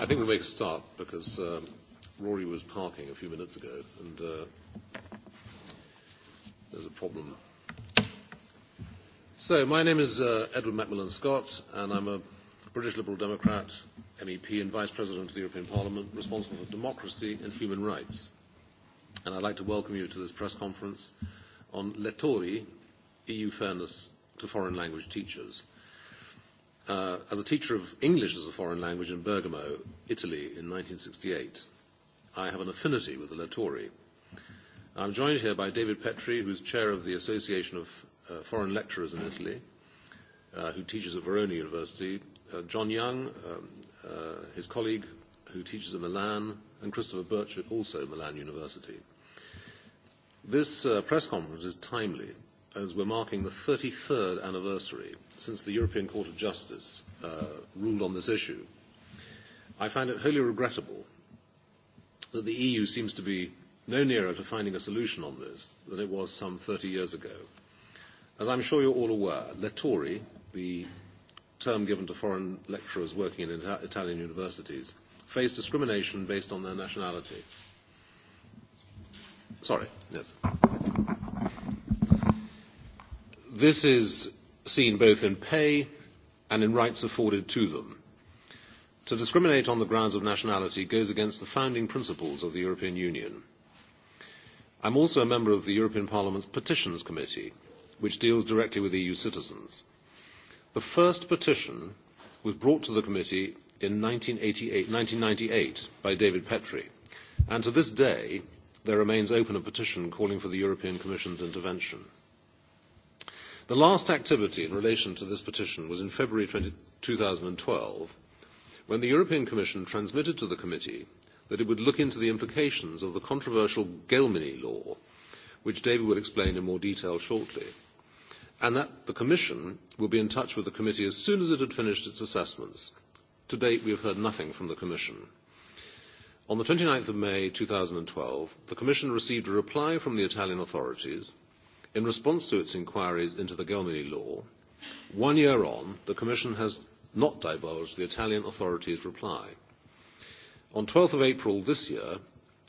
I think we'll make a start because uh, Rory was parking a few minutes ago and uh, there's a problem. So, my name is uh, Edward Macmillan Scott and I'm a British Liberal Democrat, MEP, and Vice President of the European Parliament, responsible for democracy and human rights. And I'd like to welcome you to this press conference on Letori, EU Fairness to Foreign Language Teachers uh, as a teacher of English as a foreign language in Bergamo, Italy, in 1968, I have an affinity with the Lettori. I'm joined here by David Petri, who's chair of the Association of uh, Foreign Lecturers in Italy, uh, who teaches at Verona University, uh, John Young, um, uh, his colleague, who teaches at Milan, and Christopher Birch at also Milan University. This uh, press conference is timely as we're marking the 33rd anniversary since the European Court of Justice uh, ruled on this issue, I find it wholly regrettable that the EU seems to be no nearer to finding a solution on this than it was some 30 years ago. As I'm sure you're all aware, lettori, the term given to foreign lecturers working in Ita- Italian universities, face discrimination based on their nationality. Sorry, yes. This is seen both in pay and in rights afforded to them. To discriminate on the grounds of nationality goes against the founding principles of the European Union. I'm also a member of the European Parliament's Petitions Committee, which deals directly with EU citizens. The first petition was brought to the committee in 1998 by David Petrie, and to this day, there remains open a petition calling for the European Commission's intervention. The last activity in relation to this petition was in February 20, 2012, when the European Commission transmitted to the committee that it would look into the implications of the controversial Gelmini law, which David will explain in more detail shortly, and that the Commission will be in touch with the committee as soon as it had finished its assessments. To date, we have heard nothing from the Commission. On the 29th of May 2012, the Commission received a reply from the Italian authorities In response to its inquiries into the Gelmini law, one year on, the Commission has not divulged the Italian authorities' reply. On 12th of April this year,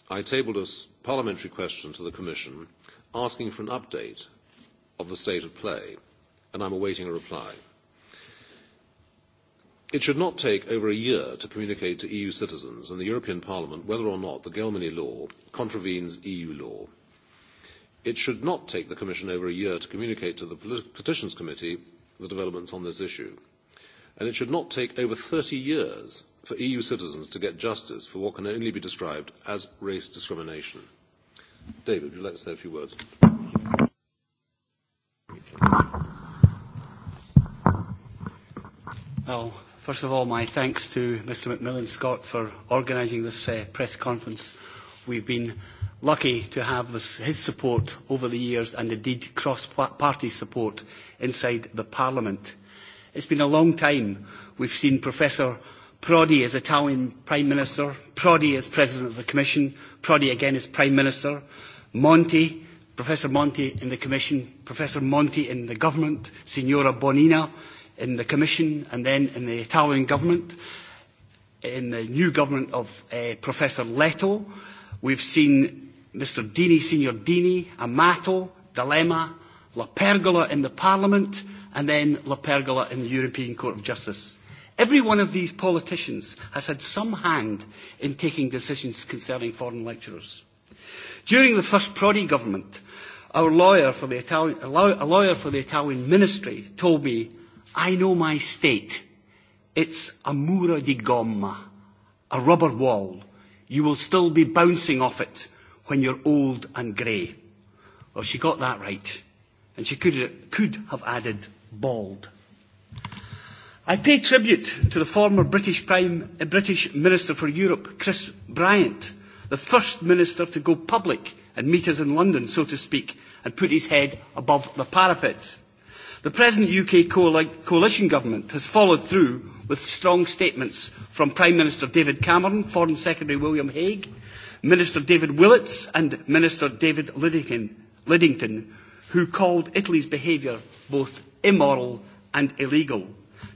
I tabled a parliamentary question to the Commission asking for an update of the state of play, and I'm awaiting a reply. It should not take over a year to communicate to EU citizens and the European Parliament whether or not the Gelmini law contravenes EU law. It should not take the Commission over a year to communicate to the Petitions Committee the developments on this issue. And it should not take over 30 years for EU citizens to get justice for what can only be described as race discrimination. David, would you like to say a few words? Well, first of all, my thanks to Mr. McMillan Scott for organising this uh, press conference. We've been lucky to have his support over the years and indeed cross-party support inside the Parliament. It's been a long time we've seen Professor Prodi as Italian Prime Minister, Prodi as President of the Commission, Prodi again as Prime Minister, Monti, Professor Monti in the Commission, Professor Monti in the Government, Signora Bonina in the Commission and then in the Italian Government, in the new Government of uh, Professor Leto. We've seen Mr. Dini, Senior Dini, Amato, Dilemma, La Pergola in the Parliament, and then La Pergola in the European Court of Justice. Every one of these politicians has had some hand in taking decisions concerning foreign lecturers. During the first Prodi government, our lawyer for the Italian, a lawyer for the Italian ministry told me, I know my state. It's a mura di gomma, a rubber wall. You will still be bouncing off it when you're old and grey. Well, she got that right. And she could, could have added bald. I pay tribute to the former British, Prime, eh, British Minister for Europe, Chris Bryant, the first minister to go public and meet us in London, so to speak, and put his head above the parapet. The present UK coalition government has followed through with strong statements from Prime Minister David Cameron, Foreign Secretary William Hague, Minister David Willits and Minister David Liddington, who called Italy's behaviour both immoral and illegal.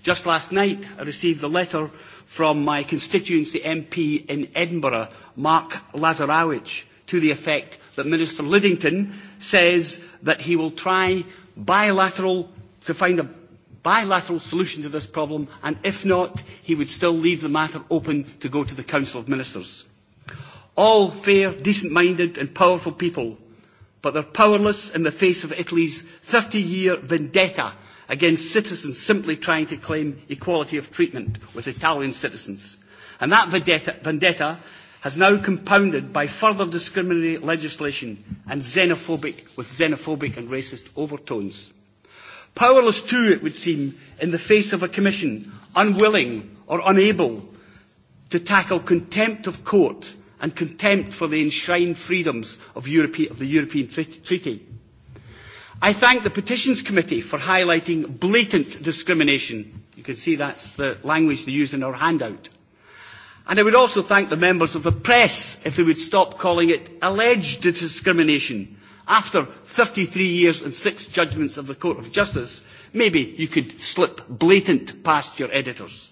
Just last night, I received a letter from my constituency MP in Edinburgh, Mark Lazarowicz, to the effect that Minister Liddington says that he will try bilateral to find a bilateral solution to this problem, and if not, he would still leave the matter open to go to the Council of Ministers all fair, decent minded, and powerful people, but they're powerless in the face of Italy's 30 year vendetta against citizens simply trying to claim equality of treatment with Italian citizens. And that vendetta, vendetta has now compounded by further discriminatory legislation and xenophobic, with xenophobic and racist overtones. Powerless too, it would seem, in the face of a commission unwilling or unable to tackle contempt of court and contempt for the enshrined freedoms of, Europe, of the European tre- Treaty. I thank the Petitions Committee for highlighting blatant discrimination. You can see that's the language they use in our handout. And I would also thank the members of the press if they would stop calling it alleged discrimination. After 33 years and six judgments of the Court of Justice, maybe you could slip blatant past your editors.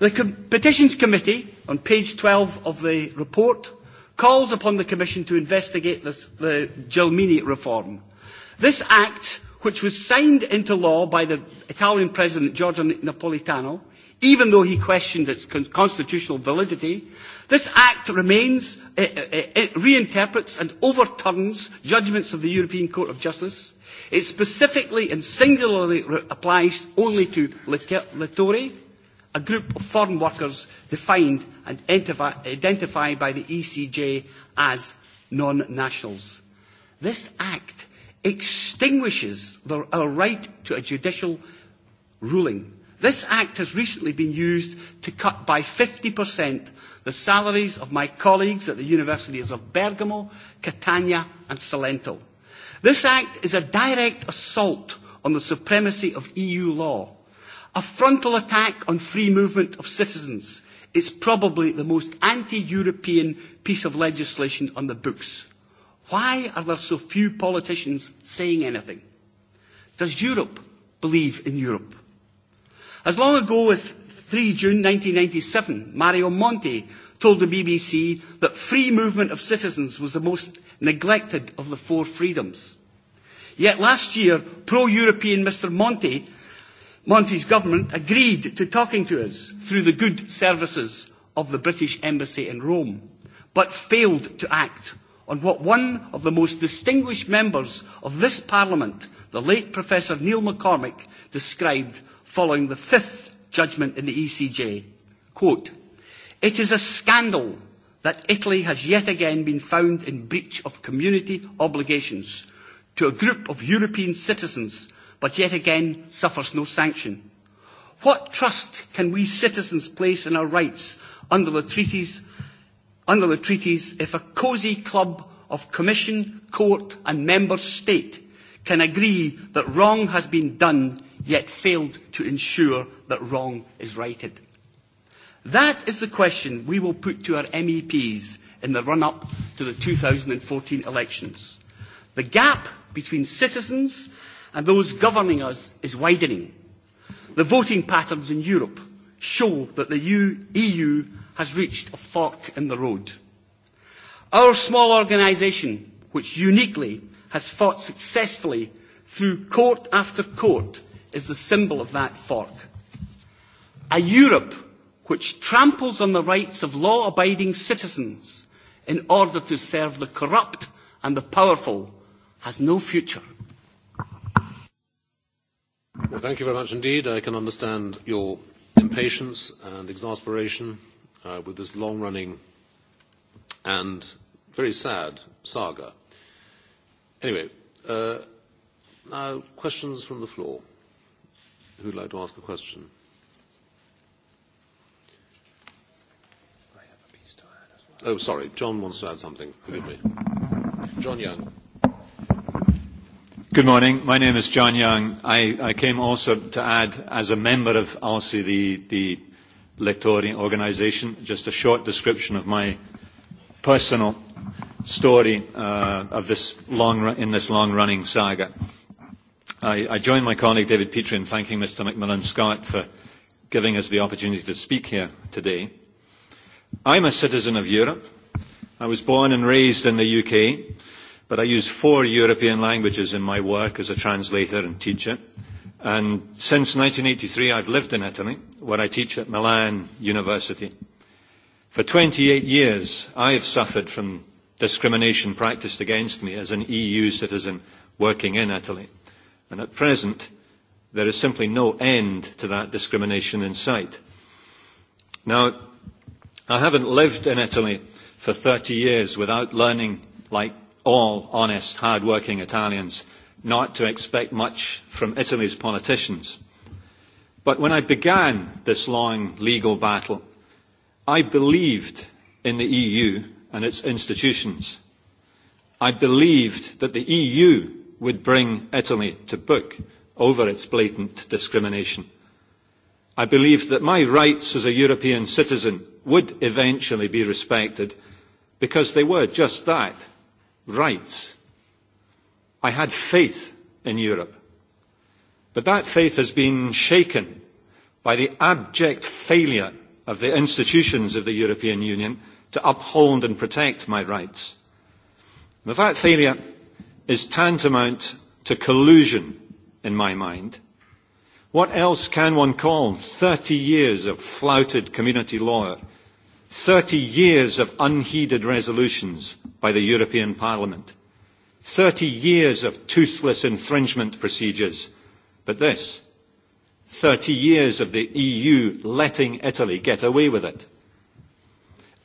The com- Petitions Committee, on page 12 of the report, calls upon the Commission to investigate this, the Gelmini reform. This Act, which was signed into law by the Italian President Giorgio Napolitano, even though he questioned its constitutional validity, this act remains, it, it, it reinterprets and overturns judgments of the European Court of Justice. It specifically and singularly re- applies only to Littori. Liter- a group of foreign workers defined and identified by the ECJ as non nationals. This act extinguishes the, our right to a judicial ruling. This act has recently been used to cut by 50% the salaries of my colleagues at the universities of Bergamo, Catania, and Salento. This act is a direct assault on the supremacy of EU law. A frontal attack on free movement of citizens is probably the most anti-European piece of legislation on the books. Why are there so few politicians saying anything? Does Europe believe in Europe? As long ago as 3 June 1997, Mario Monti told the BBC that free movement of citizens was the most neglected of the four freedoms. Yet last year, pro-European Mr Monti Monty's government agreed to talking to us through the good services of the British Embassy in Rome, but failed to act on what one of the most distinguished members of this Parliament, the late Professor Neil McCormick, described following the fifth judgment in the ECJ. Quote, it is a scandal that Italy has yet again been found in breach of community obligations to a group of European citizens but yet again suffers no sanction. What trust can we citizens place in our rights under the treaties, under the treaties if a cosy club of commission, court and member state can agree that wrong has been done yet failed to ensure that wrong is righted? That is the question we will put to our MEPs in the run-up to the 2014 elections. The gap between citizens and those governing us is widening. The voting patterns in Europe show that the EU e has reached a fork in the road. Our small organisation, which uniquely has fought successfully through court after court, is the symbol of that fork. A Europe which tramples on the rights of law abiding citizens in order to serve the corrupt and the powerful has no future. Well, thank you very much indeed. I can understand your impatience and exasperation uh, with this long running and very sad saga. Anyway, uh, now questions from the floor. Who'd like to ask a question? Oh, sorry. John wants to add something. Forgive me. John Young. Good morning. My name is John Young. I came also to add, as a member of ALSI, the Lectorian organization, just a short description of my personal story uh, of this long-running saga. I join my colleague, David Petrie, in thanking Mr. McMillan Scott for giving us the opportunity to speak here today. I'm a citizen of Europe. I was born and raised in the U.K., but I use four European languages in my work as a translator and teacher. And since 1983, I've lived in Italy, where I teach at Milan University. For 28 years, I have suffered from discrimination practiced against me as an EU citizen working in Italy. And at present, there is simply no end to that discrimination in sight. Now, I haven't lived in Italy for 30 years without learning, like all honest, hard working Italians not to expect much from Italy's politicians. But when I began this long legal battle, I believed in the EU and its institutions. I believed that the EU would bring Italy to book over its blatant discrimination. I believed that my rights as a European citizen would eventually be respected because they were just that, rights. I had faith in Europe. But that faith has been shaken by the abject failure of the institutions of the European Union to uphold and protect my rights. But that failure is tantamount to collusion in my mind. What else can one call 30 years of flouted community law 30 years of unheeded resolutions by the European Parliament, 30 years of toothless infringement procedures, but this, 30 years of the EU letting Italy get away with it.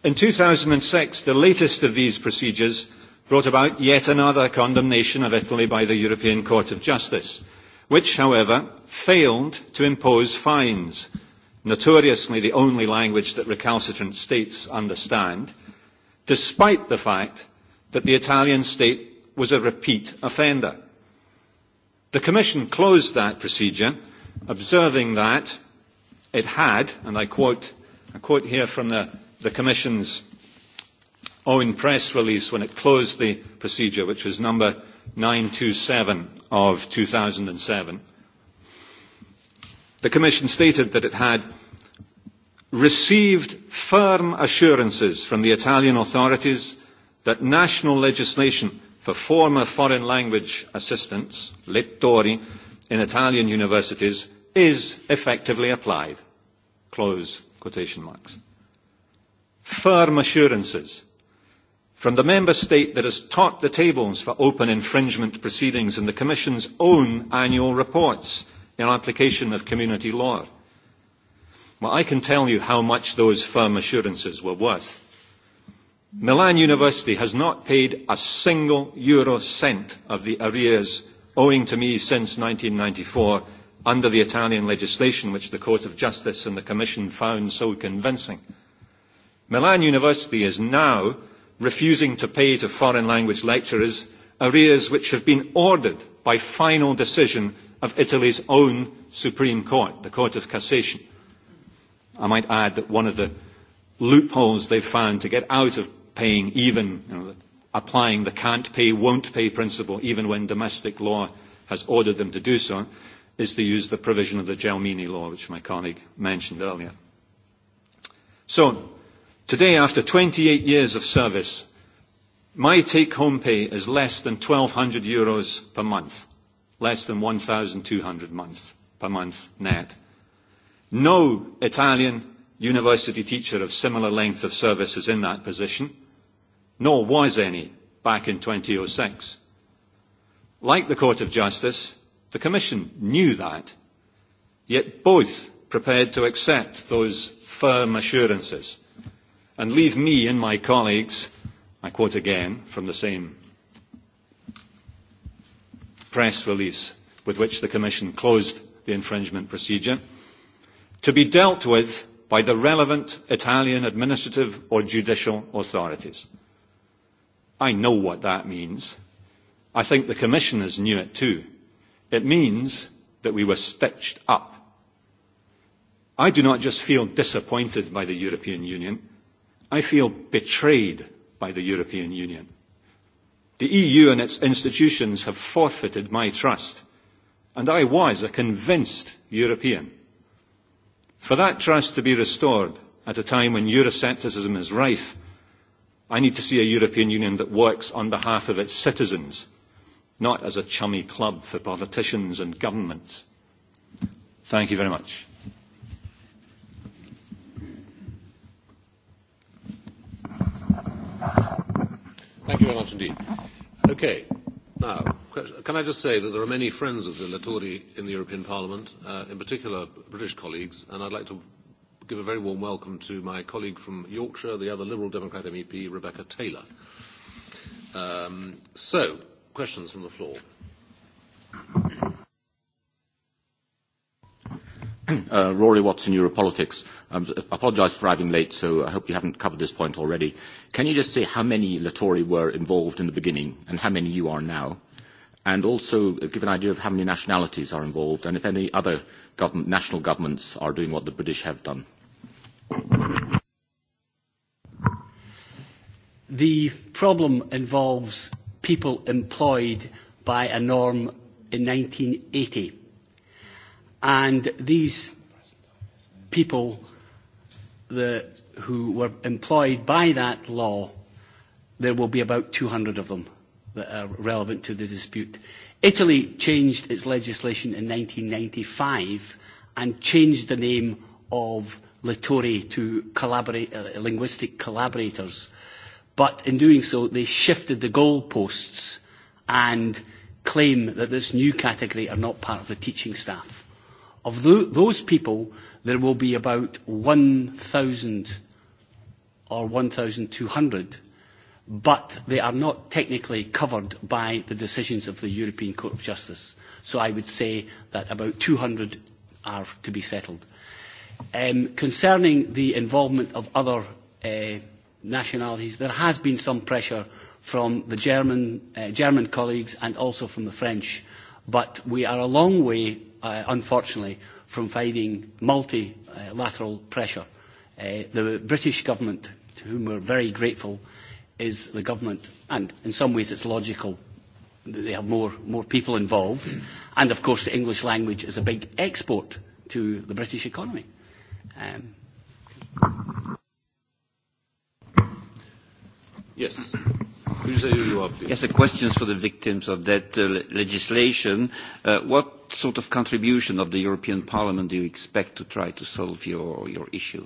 In 2006, the latest of these procedures brought about yet another condemnation of Italy by the European Court of Justice, which, however, failed to impose fines notoriously the only language that recalcitrant states understand, despite the fact that the Italian state was a repeat offender. The Commission closed that procedure, observing that it had, and I quote, I quote here from the, the Commission's own press release when it closed the procedure, which was number 927 of 2007. The Commission stated that it had received firm assurances from the Italian authorities that national legislation for former foreign language assistants, lettori, in Italian universities is effectively applied. Close quotation marks. Firm assurances from the member state that has topped the tables for open infringement proceedings in the Commission's own annual reports in application of community law. Well, I can tell you how much those firm assurances were worth. Milan University has not paid a single euro cent of the arrears owing to me since 1994 under the Italian legislation, which the Court of Justice and the Commission found so convincing. Milan University is now refusing to pay to foreign language lecturers arrears which have been ordered by final decision of Italy's own Supreme Court, the Court of Cassation. I might add that one of the loopholes they've found to get out of paying even, you know, applying the can't pay, won't pay principle, even when domestic law has ordered them to do so, is to use the provision of the Gelmini law, which my colleague mentioned earlier. So, today, after 28 years of service, my take-home pay is less than 1,200 euros per month less than 1,200 months per month net. No Italian university teacher of similar length of service is in that position, nor was any back in 2006. Like the Court of Justice, the Commission knew that, yet both prepared to accept those firm assurances and leave me and my colleagues, I quote again from the same press release with which the Commission closed the infringement procedure, to be dealt with by the relevant Italian administrative or judicial authorities. I know what that means. I think the Commissioners knew it too. It means that we were stitched up. I do not just feel disappointed by the European Union. I feel betrayed by the European Union. The EU and its institutions have forfeited my trust, and I was a convinced European. For that trust to be restored at a time when Euroscepticism is rife, I need to see a European Union that works on behalf of its citizens, not as a chummy club for politicians and governments. Thank you very much. thank you very much indeed. okay. now, can i just say that there are many friends of the latori in the european parliament, uh, in particular british colleagues, and i'd like to give a very warm welcome to my colleague from yorkshire, the other liberal democrat mep, rebecca taylor. Um, so, questions from the floor. Uh, Rory Watts in Europolitics. Um, I apologize for arriving late, so I hope you haven't covered this point already. Can you just say how many Latori were involved in the beginning and how many you are now? And also uh, give an idea of how many nationalities are involved and if any other national governments are doing what the British have done. The problem involves people employed by a norm in 1980. And these people that, who were employed by that law, there will be about 200 of them that are relevant to the dispute. Italy changed its legislation in 1995 and changed the name of Littori to collaborate, uh, linguistic collaborators. But in doing so, they shifted the goalposts and claim that this new category are not part of the teaching staff. Of th- those people, there will be about 1,000 or 1,200, but they are not technically covered by the decisions of the European Court of Justice. So I would say that about 200 are to be settled. Um, concerning the involvement of other uh, nationalities, there has been some pressure from the German, uh, German colleagues and also from the French, but we are a long way Uh, unfortunately, from finding multilateral pressure. Uh, the British government, to whom we're very grateful, is the government, and in some ways it's logical that they have more, more people involved. And of course, the English language is a big export to the British economy. Um. Yes. Yes, the questions for the victims of that uh, legislation. Uh, what sort of contribution of the European Parliament do you expect to try to solve your, your issue?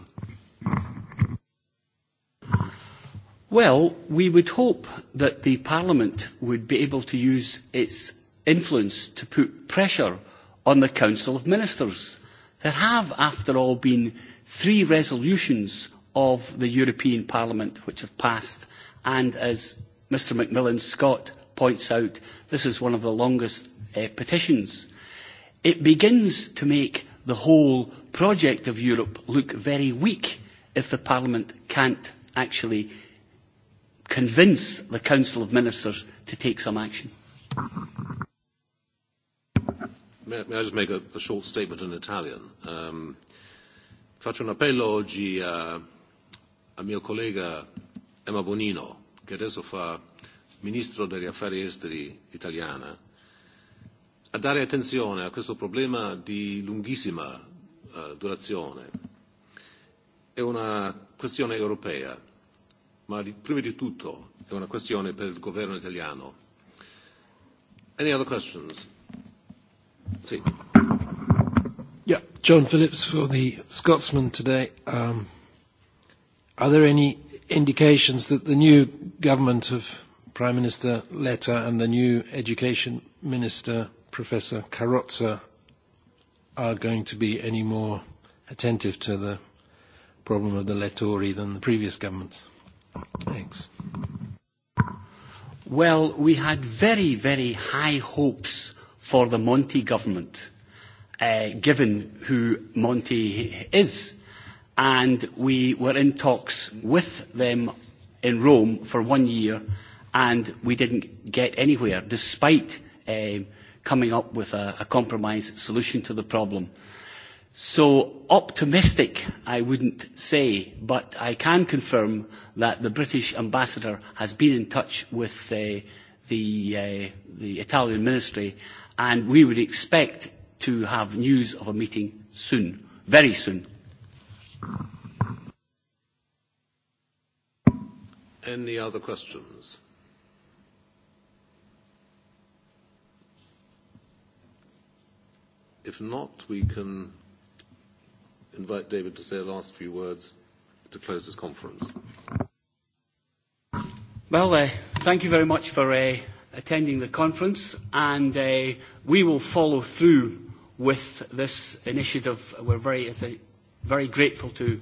Well, we would hope that the Parliament would be able to use its influence to put pressure on the Council of Ministers. There have, after all, been three resolutions of the European Parliament which have passed, and as Mr Macmillan Scott points out, this is one of the longest uh, petitions it begins to make the whole project of Europe look very weak if the Parliament can't actually convince the Council of Ministers to take some action. May, may I just make a, a short statement in Italian? Um, faccio un appello oggi a, a mio collega Emma Bonino, che adesso fa Ministro degli Affari Esteri italiana a dare attenzione a questo problema di lunghissima eh, durazione. È una questione europea, ma di, prima di tutto è una questione per il governo italiano. Any other questions? Sì. Yeah, John Phillips for the Scotsman today. Um, are there any indications that the new government of Prime Minister Letta and the new Education Minister Professor Carrozza are going to be any more attentive to the problem of the Lettori than the previous governments. Thanks. Well, we had very, very high hopes for the Monty government, uh, given who Monty is. And we were in talks with them in Rome for one year, and we didn't get anywhere, despite uh, coming up with a, a compromise solution to the problem. So optimistic, I wouldn't say, but I can confirm that the British ambassador has been in touch with uh, the, uh, the Italian ministry, and we would expect to have news of a meeting soon, very soon. Any other questions? If not, we can invite David to say a last few words to close this conference. Well, uh, thank you very much for uh, attending the conference, and uh, we will follow through with this initiative. We're very, as a, very grateful to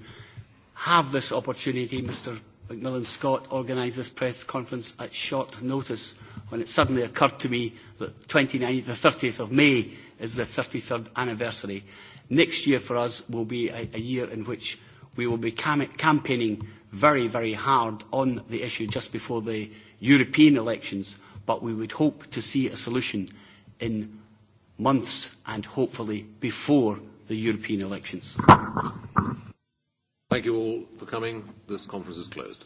have this opportunity. Mr. McMillan Scott organised this press conference at short notice when it suddenly occurred to me that 29, the 30th of May is the 33rd anniversary. Next year for us will be a year in which we will be campaigning very, very hard on the issue just before the European elections, but we would hope to see a solution in months and hopefully before the European elections. Thank you all for coming. This conference is closed.